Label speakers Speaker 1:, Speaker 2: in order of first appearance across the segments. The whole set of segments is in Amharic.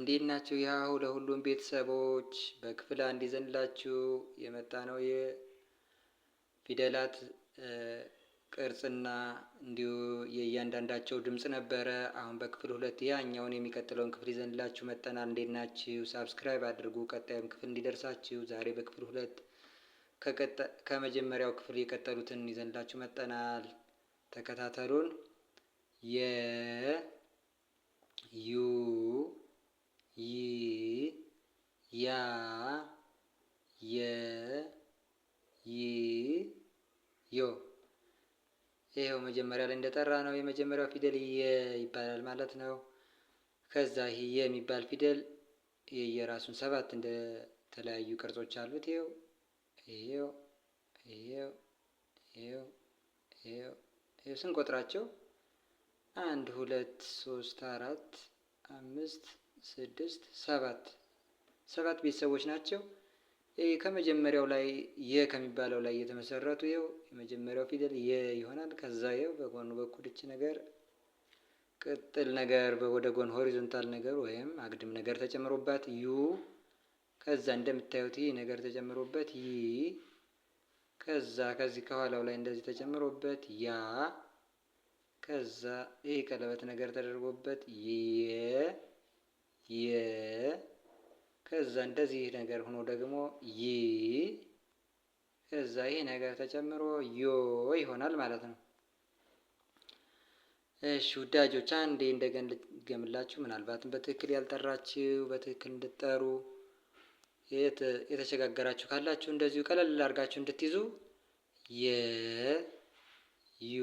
Speaker 1: እንዴት ናችሁ? ያው ለሁሉም ቤተሰቦች በክፍል አንድ ይዘንላችሁ የመጣ ነው የፊደላት ቅርጽና እንዲሁ የእያንዳንዳቸው ድምፅ ነበረ። አሁን በክፍል ሁለት ያኛውን የሚቀጥለውን ክፍል ይዘንላችሁ መጠናል። እንዴት ናችሁ? ሳብስክራይብ አድርጉ፣ ቀጣዩም ክፍል እንዲደርሳችሁ። ዛሬ በክፍል ሁለት ከመጀመሪያው ክፍል የቀጠሉትን ይዘንላችሁ መጠናል። ተከታተሉን። የ ዩ ይ ያ የ ይ ዮ። ይኸው መጀመሪያ ላይ እንደጠራ ነው የመጀመሪያው ፊደል የ ይባላል ማለት ነው። ከዛ ይህ የ የሚባል ፊደል የየራሱን ሰባት እንደተለያዩ ቅርጾች አሉት። ይኸው ይኸው ይኸው ይኸው ይኸው ይኸው ስንቆጥራቸው አንድ ሁለት ሶስት አራት አምስት ስድስት ሰባት ሰባት ቤተሰቦች ናቸው። ከመጀመሪያው ላይ የ ከሚባለው ላይ የተመሰረቱ ይኸው የመጀመሪያው ፊደል የ ይሆናል። ከዛ ይኸው በጎኑ በኩል እች ነገር ቅጥል ነገር ወደ ጎን ሆሪዞንታል ነገር ወይም አግድም ነገር ተጨምሮባት ዩ ከዛ እንደምታዩት ይህ ነገር ተጨምሮበት ይ ከዛ ከዚህ ከኋላው ላይ እንደዚህ ተጨምሮበት ያ ከዛ ይህ ቀለበት ነገር ተደርጎበት የ የ ከዛ እንደዚህ ነገር ሆኖ ደግሞ ይ ከዛ ይህ ነገር ተጨምሮ ዮ ይሆናል ማለት ነው። እሺ ውዳጆች አንዴ እንደገን ልትገምላችሁ። ምናልባትም በትክክል ያልጠራችሁ በትክክል እንድትጠሩ የተሸጋገራችሁ ካላችሁ እንደዚሁ ቀለል አድርጋችሁ እንድትይዙ የ ዩ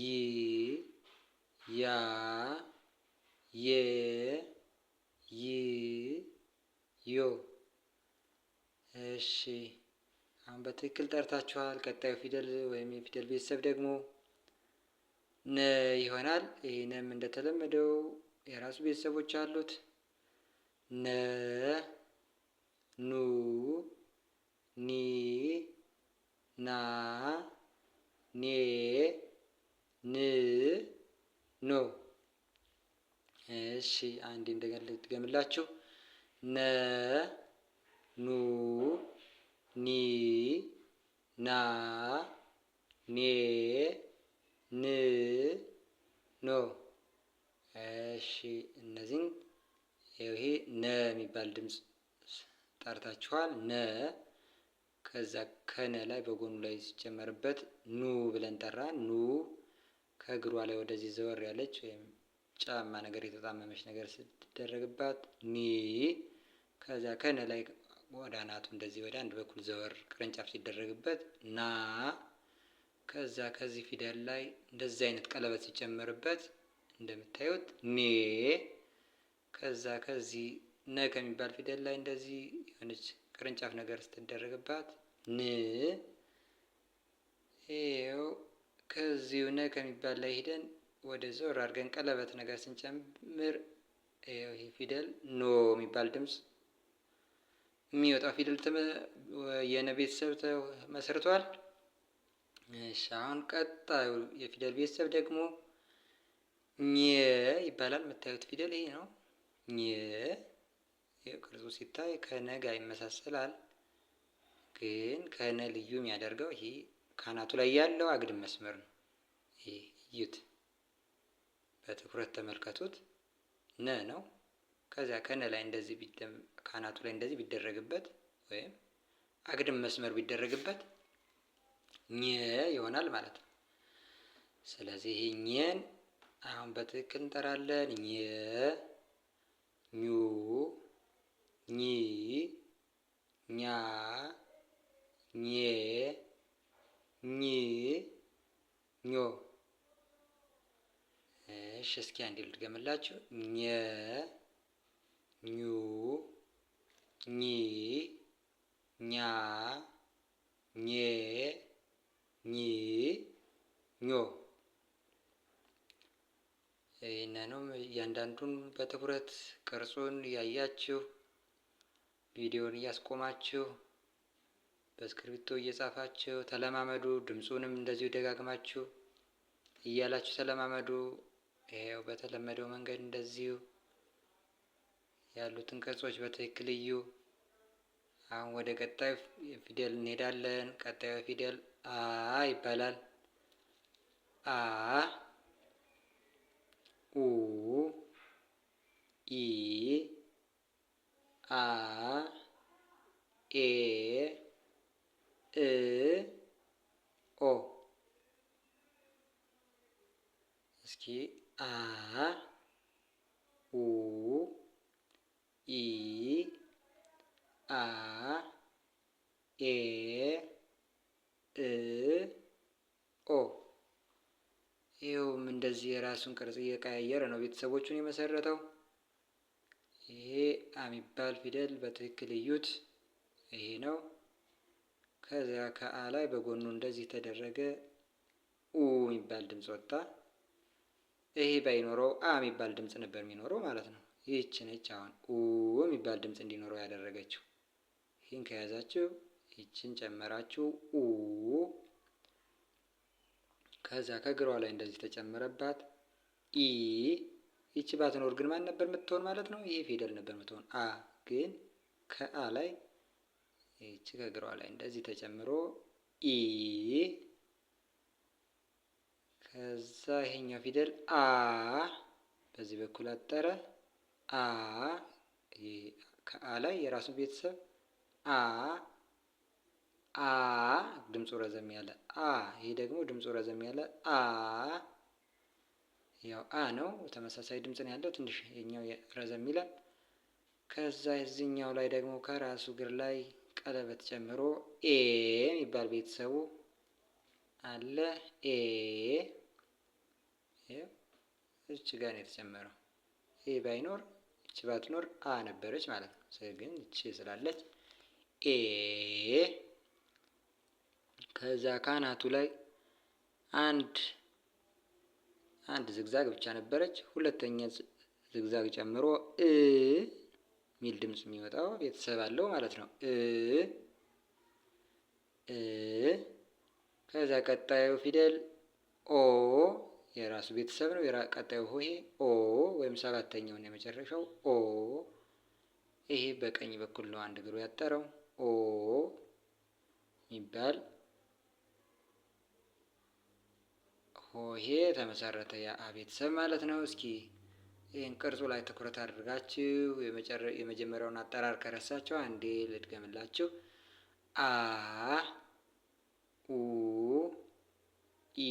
Speaker 1: ይ ያ የ ይ ዮ እሺ አሁን በትክክል ጠርታችኋል። ቀጣዩ ፊደል ወይም የፊደል ቤተሰብ ደግሞ ነ ይሆናል። ይህንም እንደተለመደው የራሱ ቤተሰቦች አሉት። ነ ኑ ኒ ና ኔ ን ኖ እሺ አንዴ እንደገና ልትገምላችሁ ነ ኑ ኒ ና ኔ ን ኖ። እሺ እነዚህን ይሄ ነ የሚባል ድምፅ ጠርታችኋል። ነ ከዛ ከነ ላይ በጎኑ ላይ ሲጨመርበት ኑ ብለን ጠራ። ኑ ከእግሯ ላይ ወደዚህ ዘወር ያለች ወይም ጫማ ነገር የተጣመመች ነገር ስትደረግባት ኒ ከዛ ከነ ላይ ወደ አናቱ እንደዚህ ወደ አንድ በኩል ዘወር ቅርንጫፍ ሲደረግበት ና ከዛ ከዚህ ፊደል ላይ እንደዚህ አይነት ቀለበት ሲጨመርበት እንደምታዩት ኔ ከዛ ከዚህ ነ ከሚባል ፊደል ላይ እንደዚህ የሆነች ቅርንጫፍ ነገር ስትደረግባት ን ይኸው ከዚሁ ነ ከሚባል ላይ ሂደን ወደ ዞር አድርገን ቀለበት ነገር ስንጨምር ይሄ ፊደል ኖ የሚባል ድምፅ የሚወጣው ፊደል የነ ቤተሰብ ተመስርቷል። እሺ አሁን ቀጣዩ የፊደል ቤተሰብ ደግሞ ኘ ይባላል። የምታዩት ፊደል ይሄ ነው። ኘ ቅርጹ ሲታይ ከነ ጋር ይመሳሰላል፣ ግን ከነ ልዩ የሚያደርገው ይሄ ካናቱ ላይ ያለው አግድም መስመር ነው። ይሄ እዩት። በትኩረት ተመልከቱት። ነ ነው። ከዚያ ከነ ላይ እንደዚህ ካናቱ ላይ እንደዚህ ቢደረግበት ወይም አግድም መስመር ቢደረግበት ኘ ይሆናል ማለት ነው። ስለዚህ ኘን አሁን በትክክል እንጠራለን። ኘ ኙ ኚ ኛ ኜ ኚ ኞ እሺ እስኪ አንዴ ልድገምላችሁ። ኘ ኙ ኚ ኛ ኘ ኚ ኞ ይህንንም እያንዳንዱን በትኩረት ቅርጹን እያያችሁ ቪዲዮን እያስቆማችሁ በእስክሪብቶ እየጻፋችሁ ተለማመዱ። ድምፁንም እንደዚሁ ደጋግማችሁ እያላችሁ ተለማመዱ። ይሄው በተለመደው መንገድ እንደዚሁ ያሉትን ቅርጾች በትክክል እዩ። አሁን ወደ ቀጣዩ ፊደል እንሄዳለን። ቀጣዩ ፊደል አ ይባላል። አ ኡ ኢ አ ኤ እ እስኪ አ ኡ ኢ አ ኤ እ ኦ ይኸውም እንደዚህ የራሱን ቅርጽ እየቀያየረ ነው ቤተሰቦቹን የመሰረተው። ይሄ አ የሚባል ፊደል በትክክል እዩት። ይሄ ነው። ከዚያ ከአ ላይ በጎኑ እንደዚህ ተደረገ። ኡ የሚባል ድምፅ ወጣ። ይሄ ባይኖረው አ የሚባል ድምፅ ነበር የሚኖረው ማለት ነው። ይህች ነች አሁን ኡ የሚባል ድምፅ እንዲኖረው ያደረገችው። ይህን ከያዛችሁ ይችን ጨመራችሁ ኡ። ከዛ ከግሯ ላይ እንደዚህ ተጨመረባት ኢ። ይቺ ባትኖር ግን ማን ነበር የምትሆን ማለት ነው? ይሄ ፊደል ነበር የምትሆን አ። ግን ከአ ላይ ይቺ ከግሯ ላይ እንደዚህ ተጨምሮ ኢ ከዛ ይሄኛው ፊደል አ በዚህ በኩል አጠረ አ ከአ ላይ የራሱ ቤተሰብ አ አ ድምፁ ረዘም ያለ አ ይሄ ደግሞ ድምፁ ረዘም ያለ አ ያው አ ነው። ተመሳሳይ ድምፅ ነው ያለው። ትንሽ ይሄኛው ረዘም ይላል። ከዛ እዚህኛው ላይ ደግሞ ከራሱ እግር ላይ ቀለበት ጨምሮ ኤ የሚባል ቤተሰቡ አለ ኤ እች ጋር ነው የተጨመረው። ኤ ባይኖር እች ባትኖር አ ነበረች ማለት ነው። ግን እች ስላለች ኤ ከዛ ካናቱ ላይ አንድ አንድ ዝግዛግ ብቻ ነበረች። ሁለተኛ ዝግዛግ ጨምሮ እ ሚል ድምጽ የሚወጣው ቤተሰብ አለው ማለት ነው። እ እ ከዛ ቀጣዩ ፊደል ኦ የራሱ ቤተሰብ ነው። ቀጣዩ ሆሄ ኦ ወይም ሰባተኛውን የመጨረሻው ኦ። ይሄ በቀኝ በኩል ነው አንድ እግሩ ያጠረው ኦ ይባል ሆሄ ተመሰረተ። የአ ቤተሰብ ማለት ነው። እስኪ ይህን ቅርጹ ላይ ትኩረት አድርጋችሁ የመጀመሪያውን አጠራር ከረሳችሁ አንዴ ልድገምላችሁ። አ ኡ ኢ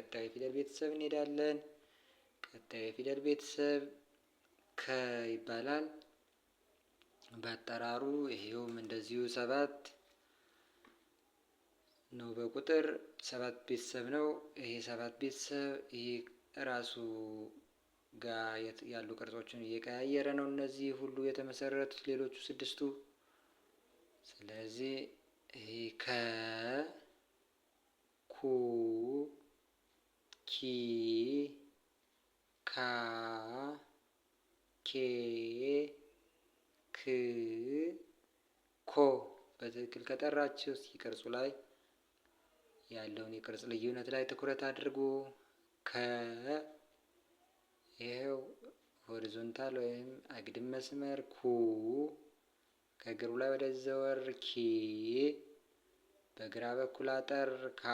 Speaker 1: ቀጣዩ ፊደል ቤተሰብ እንሄዳለን። ቀጣዩ ፊደል ቤተሰብ ከ ይባላል። በአጠራሩ ይሄውም እንደዚሁ ሰባት ነው። በቁጥር ሰባት ቤተሰብ ነው። ይሄ ሰባት ቤተሰብ ይሄ ራሱ ጋር ያሉ ቅርጾችን እየቀያየረ ነው። እነዚህ ሁሉ የተመሰረቱት ሌሎቹ ስድስቱ። ስለዚህ ይሄ ከ ኩ ኪ ካ ኬ ክ ኮ በትክክል ከጠራችሁ ሲቀርጹ ላይ ያለውን የቅርጽ ልዩነት ላይ ትኩረት አድርጉ። ከ ይሄው ሆሪዞንታል ወይም አግድም መስመር ኩ ከእግሩ ላይ ወደ ዘወር ኪ በግራ በኩል አጠር ካ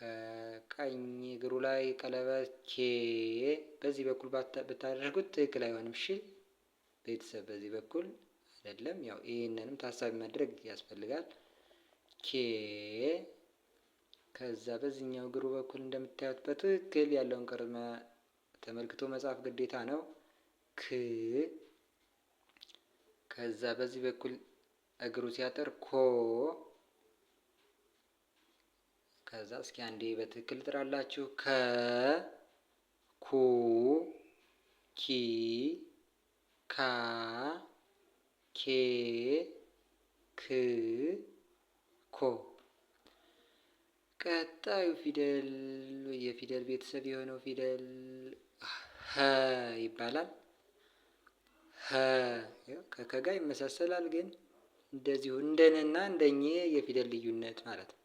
Speaker 1: ከቀኝ እግሩ ላይ ቀለበት ኬ በዚህ በኩል ብታደርጉት ትክክል አይሆንም። እሺ ቤተሰብ በዚህ በኩል አይደለም። ያው ይህንንም ታሳቢ ማድረግ ያስፈልጋል። ኬ ከዛ በዚህኛው እግሩ በኩል እንደምታዩት በትክክል ያለውን ቅርመ ተመልክቶ መጻፍ ግዴታ ነው። ክ ከዛ በዚህ በኩል እግሩ ሲያጠር ኮ ከዛ እስኪ አንዴ በትክክል ጥራላችሁ። ከ ኩ ኪ ካ ኬ ክ ኮ። ቀጣዩ ፊደል የፊደል ቤተሰብ የሆነው ፊደል ሀ ይባላል። ሀ ከከጋ ይመሳሰላል ግን እንደዚሁ እንደነና እንደኘ የፊደል ልዩነት ማለት ነው።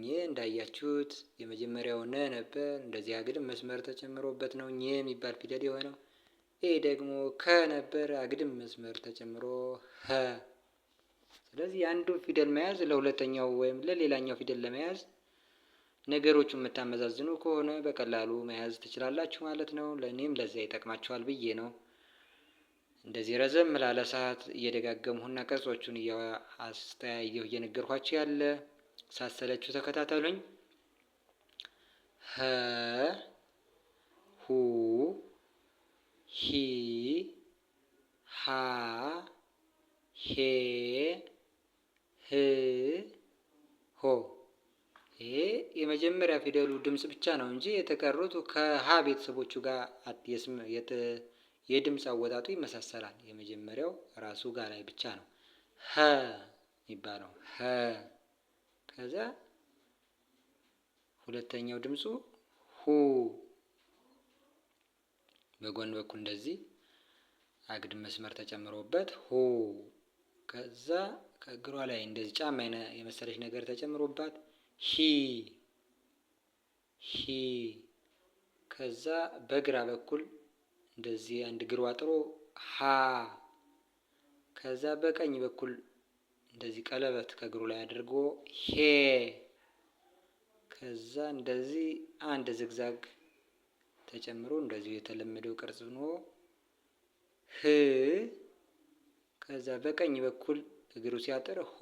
Speaker 1: ኘ እንዳያችሁት የመጀመሪያው ነ ነበር። እንደዚህ አግድም መስመር ተጨምሮበት ነው ኘ የሚባል ፊደል የሆነው። ኤ ደግሞ ከ ነበር፣ አግድም መስመር ተጨምሮ ሀ። ስለዚህ አንዱን ፊደል መያዝ ለሁለተኛው ወይም ለሌላኛው ፊደል ለመያዝ ነገሮቹ የምታመዛዝኑ ከሆነ በቀላሉ መያዝ ትችላላችሁ ማለት ነው። ለእኔም ለዚያ ይጠቅማችኋል ብዬ ነው እንደዚህ ረዘም ላለ ሰዓት እየደጋገምሁና ቅርጾቹን እያስተያየሁ እየነገርኳችሁ ያለ ሳሰለችሁ ተከታተሉኝ። ሀ ሁ ሂ ሃ ሄ ህ ሆ። ይሄ የመጀመሪያ ፊደሉ ድምፅ ብቻ ነው እንጂ የተቀሩት ከሀ ቤተሰቦቹ ጋር የድምፅ አወጣጡ ይመሳሰላል። የመጀመሪያው ራሱ ጋር ላይ ብቻ ነው ሀ የሚባለው ሀ ከዛ ሁለተኛው ድምፁ ሁ በጎን በኩል እንደዚህ አግድም መስመር ተጨምሮበት ሁ ከዛ ከእግሯ ላይ እንደዚህ ጫማ የመሰለች ነገር ተጨምሮባት ሂ ሂ ከዛ በግራ በኩል እንደዚህ አንድ እግሯ ጥሮ ሀ ከዛ በቀኝ በኩል እንደዚህ ቀለበት ከእግሩ ላይ አድርጎ ሄ ከዛ እንደዚህ አንድ ዝግዛግ ተጨምሮ እንደዚሁ የተለመደው ቅርጽ ሆኖ ህ ከዛ በቀኝ በኩል እግሩ ሲያጥር ሆ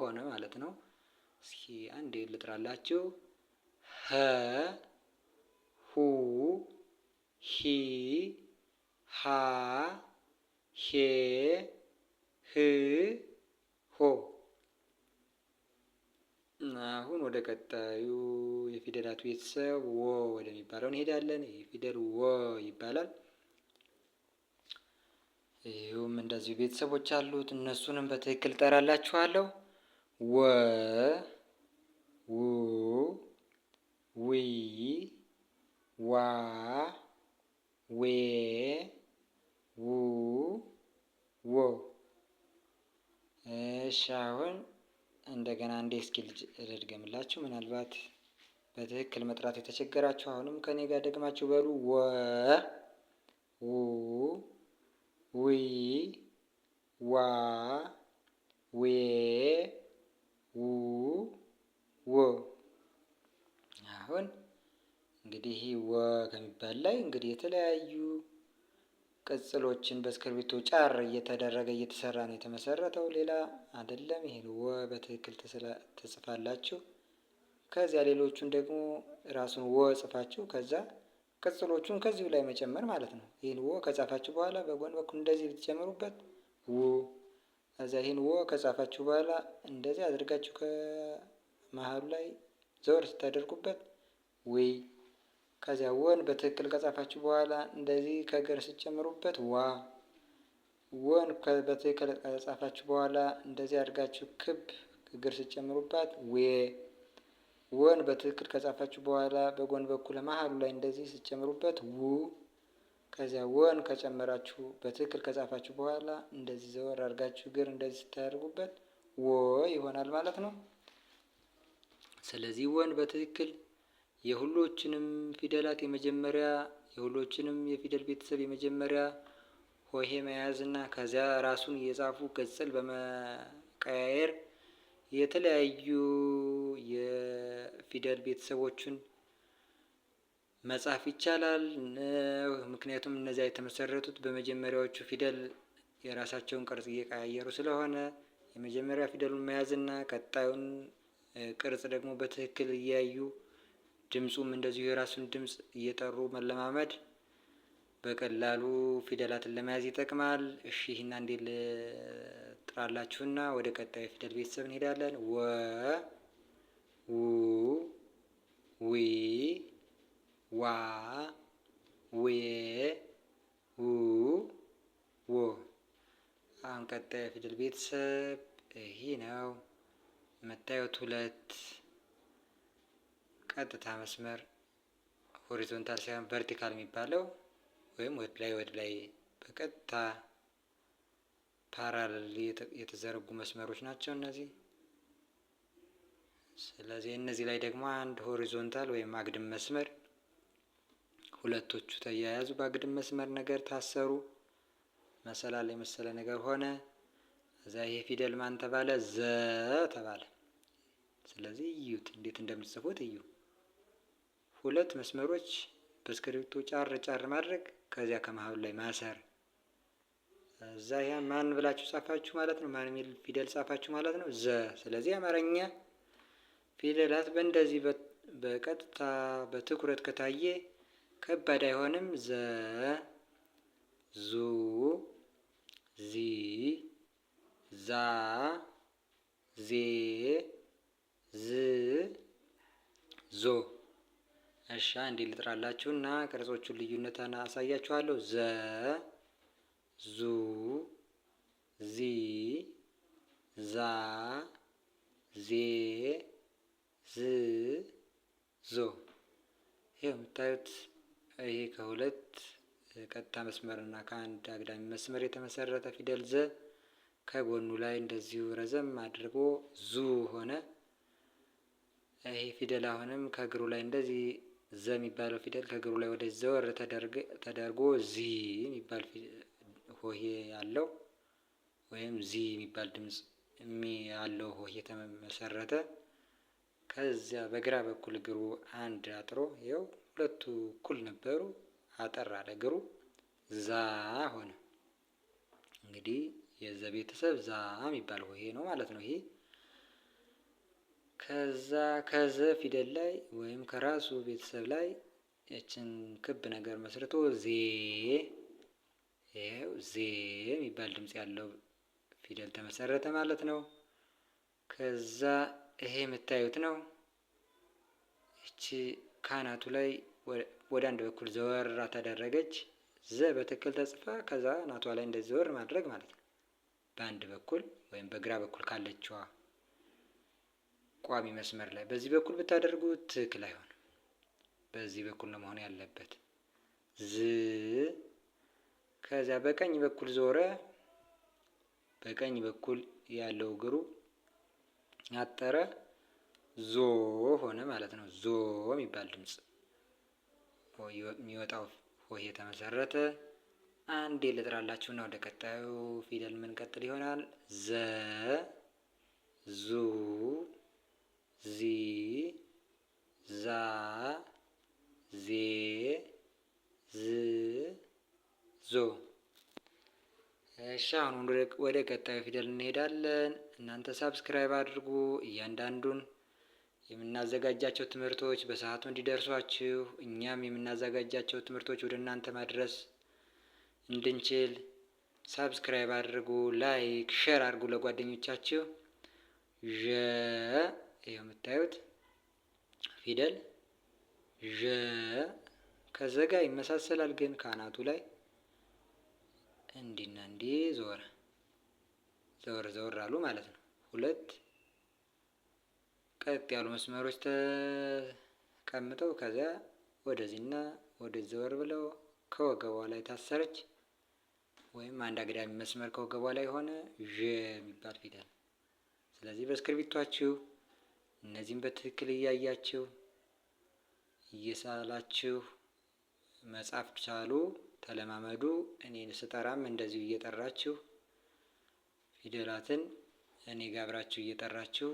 Speaker 1: ሆነ ማለት ነው። እስኪ አንድ ልጥራላችሁ። ሀ ሁ ሂ ሃ ሄ ህ ሆ። አሁን ወደ ቀጣዩ የፊደላቱ ቤተሰብ ወ ወደሚባለው እንሄዳለን። ይህ ፊደል ወ ይባላል። ይህም እንደዚሁ ቤተሰቦች አሉት። እነሱንም በትክክል ጠራላችኋለሁ። ወ ው ዊ ዋ ዌ ው ዎ እሺ አሁን እንደገና እንዴ እስኪ ልድገምላችሁ። ምናልባት በትክክል መጥራት የተቸገራችሁ አሁንም ከኔ ጋር ደግማችሁ በሉ። ወ ው ዊ ዋ ዌ ው ወ። አሁን እንግዲህ ወ ከሚባል ላይ እንግዲህ የተለያዩ ቅጽሎችን በእስክርቢቶ ጫር እየተደረገ እየተሰራ ነው የተመሰረተው። ሌላ አይደለም። ይሄን ወ በትክክል ትጽፋላችሁ። ከዚያ ሌሎቹን ደግሞ ራሱን ወ ጽፋችሁ ከዛ ቅጽሎቹን ከዚሁ ላይ መጨመር ማለት ነው። ይህን ወ ከጻፋችሁ በኋላ በጎን በኩል እንደዚህ ብትጨምሩበት ው ከዚያ ይህን ወ ከጻፋችሁ በኋላ እንደዚህ አድርጋችሁ ከመሀሉ ላይ ዘወር ስታደርጉበት ውይ ከዚያ ወን በትክክል ከጻፋችሁ በኋላ እንደዚህ ከግር ስጨምሩበት ዋ ወን በትክክል ከጻፋችሁ በኋላ እንደዚህ አድርጋችሁ ክብ እግር ስጨምሩባት ዌ ወን በትክክል ከጻፋችሁ በኋላ በጎን በኩል መሀሉ ላይ እንደዚህ ስጨምሩበት ው ከዚያ ወን ከጨመራችሁ በትክክል ከጻፋችሁ በኋላ እንደዚህ ዘወር አድርጋችሁ እግር እንደዚህ ስታደርጉበት ወ ይሆናል ማለት ነው። ስለዚህ ወን በትክክል የሁሎችንም ፊደላት የመጀመሪያ የሁሎችንም የፊደል ቤተሰብ የመጀመሪያ ሆሄ መያዝና ከዚያ ራሱን የጻፉ ቅጽል በመቀያየር የተለያዩ የፊደል ቤተሰቦችን መጻፍ ይቻላል። ምክንያቱም እነዚያ የተመሰረቱት በመጀመሪያዎቹ ፊደል የራሳቸውን ቅርጽ እየቀያየሩ ስለሆነ የመጀመሪያ ፊደሉን መያዝና ቀጣዩን ቅርጽ ደግሞ በትክክል እያዩ ድምፁም እንደዚሁ የራሱን ድምፅ እየጠሩ መለማመድ በቀላሉ ፊደላትን ለመያዝ ይጠቅማል። እሺ ይህና እንዴ ልጥራላችሁና ወደ ቀጣዩ ፊደል ቤተሰብ እንሄዳለን። ወ ው ዊ ዋ ዌ ው ዎ። አሁን ቀጣዩ ፊደል ቤተሰብ ይሄ ነው መታየት ሁለት ቀጥታ መስመር ሆሪዞንታል ሳይሆን ቨርቲካል የሚባለው ወይም ወደ ላይ ወደ ላይ በቀጥታ ፓራሌል የተዘረጉ መስመሮች ናቸው እነዚህ። ስለዚህ እነዚህ ላይ ደግሞ አንድ ሆሪዞንታል ወይም አግድም መስመር ሁለቶቹ ተያያዙ፣ በአግድም መስመር ነገር ታሰሩ፣ መሰላል የመሰለ ነገር ሆነ። እዛ ይሄ ፊደል ማን ተባለ? ዘ ተባለ። ስለዚህ እዩት፣ እንዴት እንደምትጽፉት እዩ። ሁለት መስመሮች በእስክሪብቶ ጫር ጫር ማድረግ ከዚያ ከመሀሉ ላይ ማሰር። እዛ ያ ማን ብላችሁ ጻፋችሁ ማለት ነው። ማን የሚል ፊደል ጻፋችሁ ማለት ነው። ዘ ስለዚህ አማርኛ ፊደላት በእንደዚህ በቀጥታ በትኩረት ከታየ ከባድ አይሆንም። ዘ ዙ ዚ ዛ ዜ ዝ ዞ እሺ እንዴ ልጥራላችሁና ቅርጾቹን ልዩነት አሳያችኋለሁ። ዘ ዙ ዚ ዛ ዜ ዝ ዞ። ይህ የምታዩት ይሄ ከሁለት ቀጥታ መስመርና ከአንድ አግዳሚ መስመር የተመሰረተ ፊደል ዘ ከጎኑ ላይ እንደዚሁ ረዘም አድርጎ ዙ ሆነ። ይሄ ፊደል አሁንም ከእግሩ ላይ እንደዚህ ዘ የሚባለው ፊደል ከእግሩ ላይ ወደ ዘወር ተደርጎ ዚ የሚባል ሆሄ ያለው ወይም ዚ የሚባል ድምፅ ያለው ሆሄ ተመሰረተ። ከዚያ በግራ በኩል እግሩ አንድ አጥሮ ይኸው ሁለቱ እኩል ነበሩ። አጠር አለ እግሩ ዛ ሆነ። እንግዲህ የዘ ቤተሰብ ዛ የሚባል ሆሄ ነው ማለት ነው ይሄ ከዛ ከዘ ፊደል ላይ ወይም ከራሱ ቤተሰብ ላይ ያችን ክብ ነገር መስርቶ ዜ ይኸው ዜ የሚባል ድምፅ ያለው ፊደል ተመሰረተ ማለት ነው። ከዛ ይሄ የምታዩት ነው። እቺ ካናቱ ላይ ወደ አንድ በኩል ዘወራ ተደረገች። ዘ በትክክል ተጽፋ ከዛ ናቷ ላይ እንደዚህ ዘወር ማድረግ ማለት ነው። በአንድ በኩል ወይም በግራ በኩል ካለችዋ ቋሚ መስመር ላይ በዚህ በኩል ብታደርጉት ትክክል አይሆንም። በዚህ በኩል ነው መሆን ያለበት። ዝ ከዚያ በቀኝ በኩል ዞረ። በቀኝ በኩል ያለው እግሩ አጠረ። ዞ ሆነ ማለት ነው። ዞ የሚባል ድምፅ የሚወጣው ሆሄ ተመሰረተ። አንዴ እና ወደ ቀጣዩ ፊደል ምንቀጥል ይሆናል። ዘ ዙ ዚ ዛ ዜ ዝ ዞ። እሺ አሁን ወደ ቀጣዩ ፊደል እንሄዳለን። እናንተ ሳብስክራይብ አድርጉ። እያንዳንዱን የምናዘጋጃቸው ትምህርቶች በሰዓቱ እንዲደርሷችሁ እኛም የምናዘጋጃቸው ትምህርቶች ወደ እናንተ ማድረስ እንድንችል ሳብስክራይብ አድርጉ። ላይክ ሼር አድርጉ ለጓደኞቻችሁ። ይህ የምታዩት ፊደል ዠ ከዘጋ ይመሳሰላል፣ ግን ከአናቱ ላይ እንዲና እንዲህ ዘወር ዘወር ዘወር አሉ ማለት ነው። ሁለት ቀጥ ያሉ መስመሮች ተቀምጠው ከዚያ ወደዚህና ወደዚህ ዘወር ብለው ከወገቧ ላይ ታሰረች ወይም አንድ አግዳሚ መስመር ከወገቧ ላይ የሆነ ዠ የሚባል ፊደል። ስለዚህ በእስክርቢቷችሁ እነዚህም በትክክል እያያችሁ እየሳላችሁ መጻፍ ቻሉ፣ ተለማመዱ። እኔን ስጠራም እንደዚሁ እየጠራችሁ ፊደላትን እኔ ጋብራችሁ እየጠራችሁ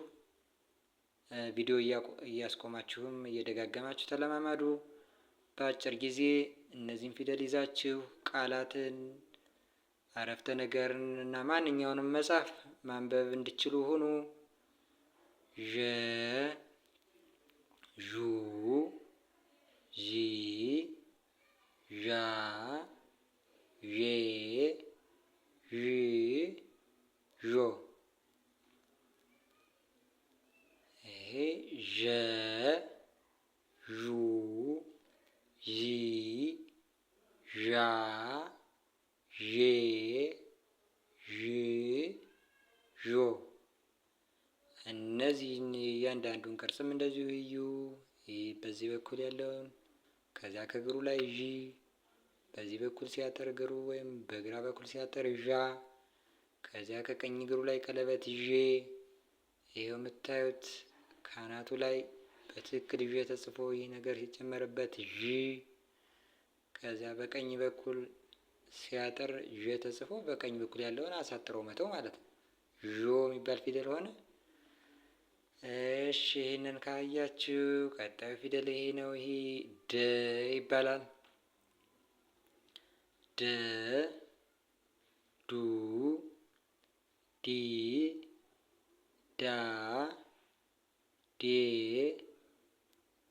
Speaker 1: ቪዲዮ እያስቆማችሁም እየደጋገማችሁ ተለማመዱ። በአጭር ጊዜ እነዚህን ፊደል ይዛችሁ ቃላትን፣ አረፍተ ነገርን እና ማንኛውንም መጻፍ ማንበብ እንዲችሉ ሁኑ። ዠ ዡ ዢ ዣ ዤ ዥ ዦ ዠ ዡ ዢ ዣ ዤ እያንዳንዱን ቅርጽም እንደዚሁ እዩ። በዚህ በኩል ያለውን ከዚያ ከእግሩ ላይ ዢ፣ በዚህ በኩል ሲያጠር እግሩ ወይም በግራ በኩል ሲያጠር ዣ፣ ከዚያ ከቀኝ እግሩ ላይ ቀለበት ዤ። ይኸው የምታዩት ካናቱ ላይ በትክክል ዤ ተጽፎ ይህ ነገር ሲጨመርበት ዢ፣ ከዚያ በቀኝ በኩል ሲያጠር ዤ ተጽፎ በቀኝ በኩል ያለውን አሳጥሮ መተው ማለት ነው። ዦ የሚባል ፊደል ሆነ። እሺ ይህንን ካያችሁ ቀጣዩ ፊደል ይሄ ነው። ይሄ ድ ይባላል። ድ ዱ ዲ ዳ ዴ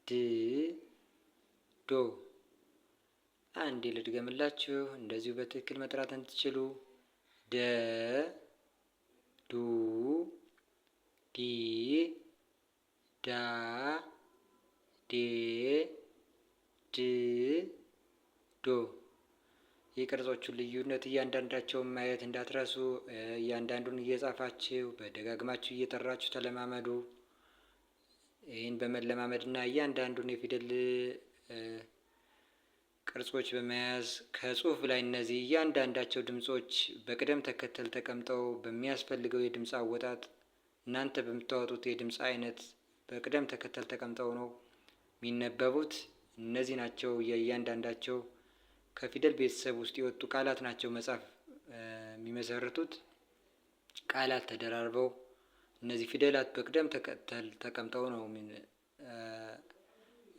Speaker 1: ድ ዶ። አንዴ ልድገምላችሁ እንደዚሁ በትክክል መጥራት እንትችሉ ደ ዱ ዲ ዳ ዴ ድ ዶ የቅርጾቹን ልዩነት እያንዳንዳቸውን ማየት እንዳትረሱ። እያንዳንዱን እየጻፋችሁ በደጋግማችሁ እየጠራችሁ ተለማመዱ። ይህን በመለማመድ እና እያንዳንዱን የፊደል ቅርጾች በመያዝ ከጽሁፍ ላይ እነዚህ እያንዳንዳቸው ድምጾች በቅደም ተከተል ተቀምጠው በሚያስፈልገው የድምፅ አወጣጥ እናንተ በምታወጡት የድምፅ አይነት በቅደም ተከተል ተቀምጠው ነው የሚነበቡት። እነዚህ ናቸው የእያንዳንዳቸው ከፊደል ቤተሰብ ውስጥ የወጡ ቃላት ናቸው መጽሐፍ የሚመሰርቱት። ቃላት ተደራርበው እነዚህ ፊደላት በቅደም ተከተል ተቀምጠው ነው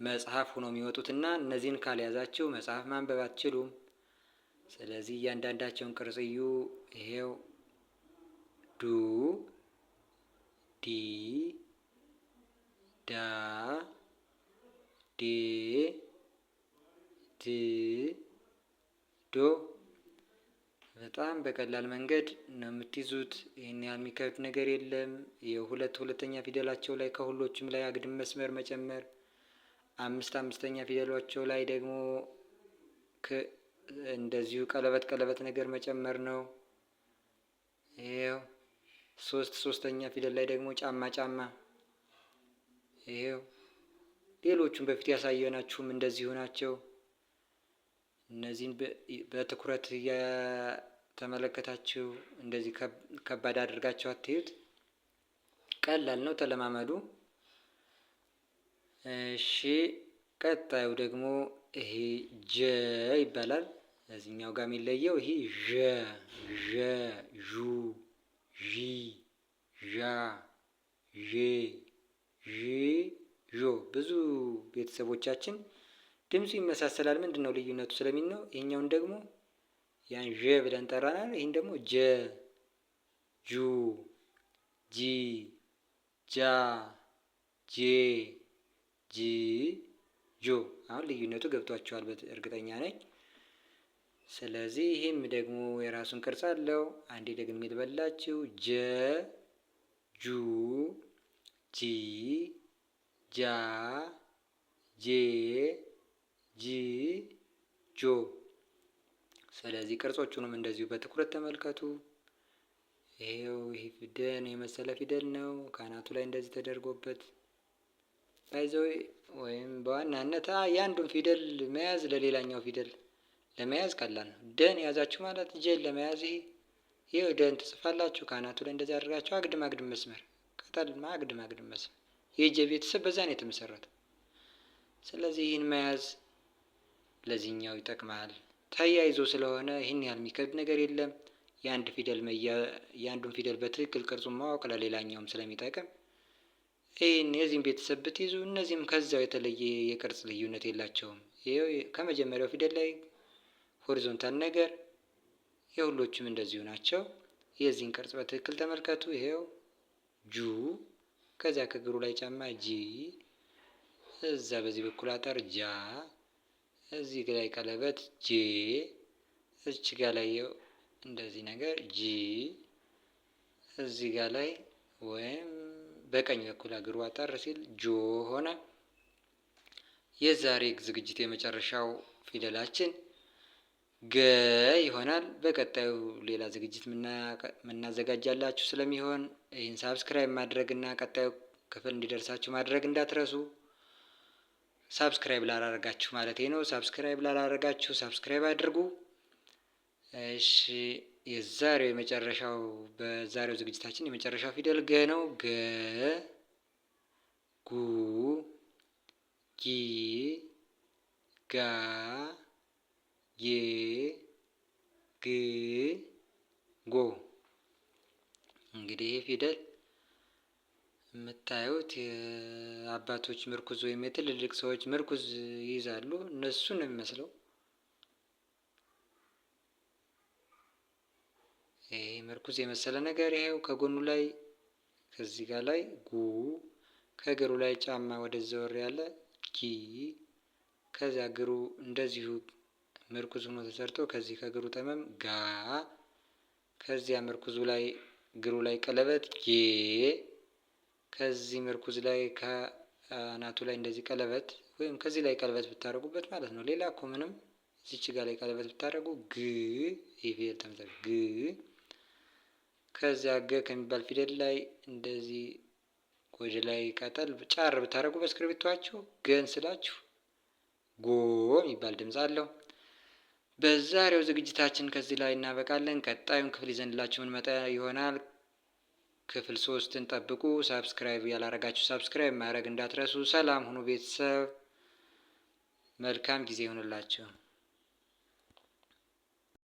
Speaker 1: መጽሐፍ ሆኖ የሚወጡት እና እነዚህን ካልያዛችሁ መጽሐፍ ማንበብ አትችሉም። ስለዚህ እያንዳንዳቸውን ቅርጽ እዩ። ይሄው ዱ ዲ ዳ ዴ ድ ዶ በጣም በቀላል መንገድ ነው የምትይዙት። ይህን ያህል የሚከብድ ነገር የለም። የሁለት ሁለተኛ ፊደላቸው ላይ ከሁሎችም ላይ አግድም መስመር መጨመር፣ አምስት አምስተኛ ፊደላቸው ላይ ደግሞ እንደዚሁ ቀለበት ቀለበት ነገር መጨመር ነው። ሶስት ሶስተኛ ፊደል ላይ ደግሞ ጫማ ጫማ። ይሄው ሌሎቹን በፊት ያሳየናችሁም እንደዚሁ ናቸው። እነዚህን በትኩረት እያተመለከታችሁ እንደዚህ ከባድ አድርጋችሁ አትዩት። ቀላል ነው፣ ተለማመዱ። እሺ፣ ቀጣዩ ደግሞ ይሄ ጀ ይባላል። እዚህኛው ጋር የሚለየው ይሄ ዠ ዡ ዢ ዣ ዤ ዢ ዦ ብዙ ቤተሰቦቻችን ድምፁ ይመሳሰላል። ምንድነው ልዩነቱ ስለሚል ነው። ይህኛውን ደግሞ ያን ዥ ብለን ጠራናል። ይሄን ደግሞ ጀ ጁ ጂ ጃ ጄ ጂ ጆ። አሁን ልዩነቱ ገብቷቸዋል፣ እርግጠኛ ነኝ። ስለዚህ ይህም ደግሞ የራሱን ቅርጽ አለው። አንዴ ደግሞ የተበላችው ጀ ጁ ጂ ጃ ጄ ጂ ጆ። ስለዚህ ቅርጾቹንም እንደዚሁ በትኩረት ተመልከቱ። ይሄው ይህ ፊደል የመሰለ ፊደል ነው። ካናቱ ላይ እንደዚህ ተደርጎበት ባይዘው ወይም በዋናነት ያንዱን ፊደል መያዝ ለሌላኛው ፊደል ለመያዝ ቀላል ነው። ደን የያዛችሁ ማለት ጄን ለመያዝ ይሄ ይህ ደን ትጽፋላችሁ። ካናቱ ላይ እንደዚህ አድርጋችሁ አግድም አግድም መስመር ቀጠልማ አግድም አግድም መስመር የጄ ቤተሰብ በዛ ነው የተመሰረተ ስለዚህ ይህን መያዝ ለዚህኛው ይጠቅማል። ተያይዞ ስለሆነ ይህን ያህል የሚከብድ ነገር የለም። የአንድ ፊደል የአንዱን ፊደል በትክክል ቅርጹን ማወቅ ለሌላኛውም ስለሚጠቅም ይህን የዚህም ቤተሰብ ብትይዙ እነዚህም ከዛው የተለየ የቅርጽ ልዩነት የላቸውም። ይኸው ከመጀመሪያው ፊደል ላይ ሆሪዞንታል ነገር የሁሎቹም እንደዚሁ ናቸው። የዚህን ቅርጽ በትክክል ተመልከቱ። ይሄው ጁ፣ ከዚያ ከእግሩ ላይ ጫማ ጂ፣ እዛ በዚህ በኩል አጠር ጃ፣ እዚህ ላይ ቀለበት ጄ፣ እች ጋ ላይ እንደዚህ ነገር ጂ፣ እዚህ ጋ ላይ ወይም በቀኝ በኩል እግሩ አጠር ሲል ጆ ሆነ። የዛሬ ዝግጅት የመጨረሻው ፊደላችን ገ ይሆናል። በቀጣዩ ሌላ ዝግጅት የምናዘጋጃላችሁ ስለሚሆን ይህን ሳብስክራይብ ማድረግና ቀጣዩ ክፍል እንዲደርሳችሁ ማድረግ እንዳትረሱ። ሳብስክራይብ ላላረጋችሁ ማለት ነው። ሳብስክራይብ ላላረጋችሁ ሳብስክራይብ አድርጉ። እሺ፣ የዛሬው የመጨረሻው በዛሬው ዝግጅታችን የመጨረሻው ፊደል ገ ነው። ገ ጉ ጊ ጋ ዬ ግ ጎ እንግዲህ ፊደል የምታዩት የአባቶች ምርኩዝ ወይም የትልልቅ ሰዎች ምርኩዝ ይይዛሉ። እነሱ ነው የሚመስለው። ይሄ ምርኩዝ የመሰለ ነገር ይሄው ከጎኑ ላይ ከዚህ ጋር ላይ ጉ ከእግሩ ላይ ጫማ ወደ ወር ያለ ጊ ከዛ እግሩ እንደዚሁ ምርኩዝ ሆኖ ተሰርቶ ከዚህ ከእግሩ ጠመም ጋ ከዚያ ምርኩዙ ላይ እግሩ ላይ ቀለበት ጌ ከዚህ ምርኩዝ ላይ ከአናቱ ላይ እንደዚህ ቀለበት ወይም ከዚህ ላይ ቀለበት ብታደርጉበት ማለት ነው። ሌላ እኮ ምንም እዚች ጋ ላይ ቀለበት ብታደርጉ ግ ይህ ፊደል ተመሳ ግ ከዚያ ገ ከሚባል ፊደል ላይ እንደዚህ ወደ ላይ ቀጠል ጫር ብታደርጉ በእስክሪብቷችሁ ገን ስላችሁ ጎ የሚባል ድምፅ አለው። በዛሬው ዝግጅታችን ከዚህ ላይ እናበቃለን። ቀጣዩን ክፍል ይዘንላችሁ ምን ይሆናል። ክፍል ሶስትን ጠብቁ። ሳብስክራይብ ያላረጋችሁ ሳብስክራይብ ማድረግ እንዳትረሱ። ሰላም ሁኑ ቤተሰብ። መልካም ጊዜ ይሆንላችሁ።